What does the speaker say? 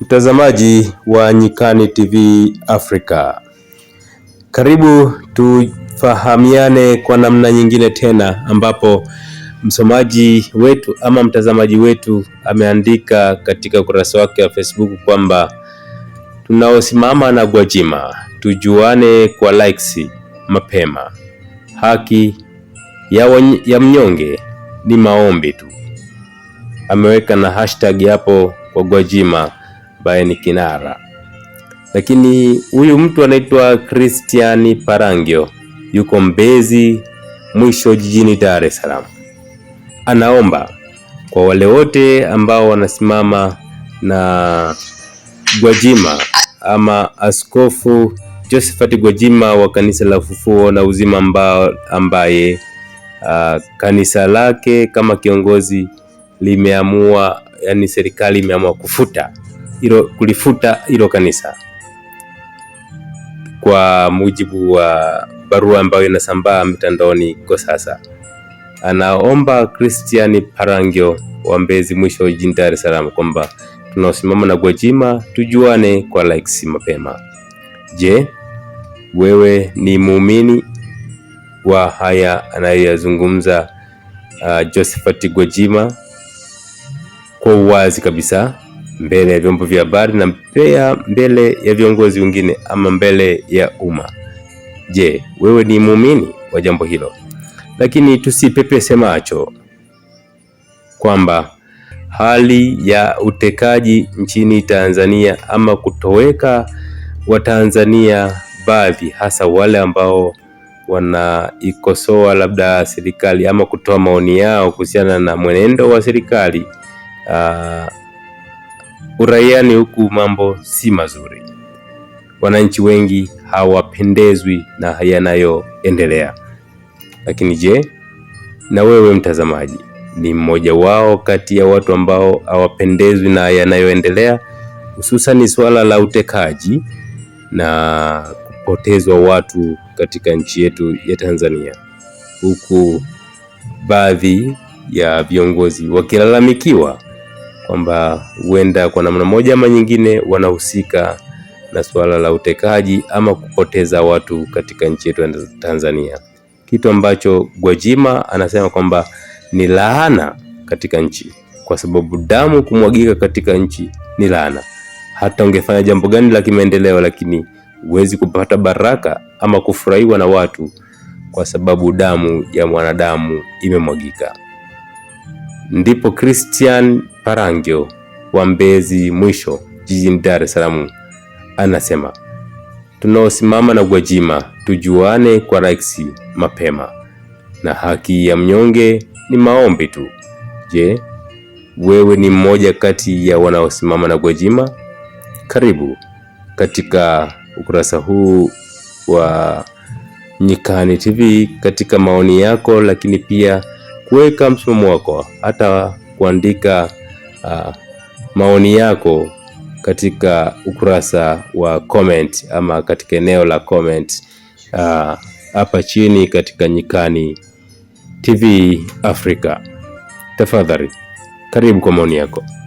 Mtazamaji wa Nyikani TV Afrika, karibu tufahamiane kwa namna nyingine tena, ambapo msomaji wetu ama mtazamaji wetu ameandika katika ukurasa wake wa Facebook kwamba tunaosimama na Gwajima tujuane kwa likes mapema, haki ya, wany, ya mnyonge ni maombi tu. Ameweka na hashtag hapo kwa Gwajima ambaye ni kinara. Lakini huyu mtu anaitwa Christian Parangio, yuko Mbezi mwisho jijini Dar es Salaam. Anaomba kwa wale wote ambao wanasimama na Gwajima ama Askofu Josephat Gwajima wa kanisa la Ufufuo na Uzima ambao ambaye uh, kanisa lake kama kiongozi limeamua, yani serikali imeamua kufuta ilo, kulifuta hilo kanisa kwa mujibu wa barua ambayo inasambaa mitandaoni kwa sasa. Anaomba Christian Parangio wa Mbezi Mwisho jijini Dar es Salaam kwamba tunaosimama na Gwajima tujuane kwa likes mapema. Je, wewe ni muumini wa haya anayoyazungumza uh, Josephat Gwajima kwa uwazi kabisa? mbele ya vyombo vya habari na pia mbele ya viongozi wengine ama mbele ya umma. Je, wewe ni muumini wa jambo hilo? Lakini tusipepese macho kwamba hali ya utekaji nchini Tanzania ama kutoweka Watanzania baadhi, hasa wale ambao wanaikosoa labda serikali ama kutoa maoni yao kuhusiana na mwenendo wa serikali Uraiani huku mambo si mazuri, wananchi wengi hawapendezwi na yanayoendelea. Lakini je, na wewe mtazamaji ni mmoja wao kati ya watu ambao hawapendezwi na yanayoendelea, hususani swala la utekaji na kupotezwa watu katika nchi yetu ya Tanzania, huku baadhi ya viongozi wakilalamikiwa kwamba huenda kwa namna moja ama nyingine wanahusika na suala la utekaji ama kupoteza watu katika nchi yetu ya Tanzania, kitu ambacho Gwajima anasema kwamba ni laana katika nchi, kwa sababu damu kumwagika katika nchi ni laana. Hata ungefanya jambo gani la kimaendeleo, lakini huwezi kupata baraka ama kufurahiwa na watu, kwa sababu damu ya mwanadamu imemwagika. Ndipo Christian Parangio wa Mbezi Mwisho jijini Dar es Salaam anasema tunaosimama na Gwajima tujuane kwa raisi mapema, na haki ya mnyonge ni maombi tu. Je, wewe ni mmoja kati ya wanaosimama na Gwajima? Karibu katika ukurasa huu wa Nyikani TV katika maoni yako, lakini pia kuweka msimamo wako hata kuandika uh, maoni yako katika ukurasa wa comment ama katika eneo la comment ah, hapa uh, chini katika Nyikani TV Africa. Tafadhali karibu kwa maoni yako.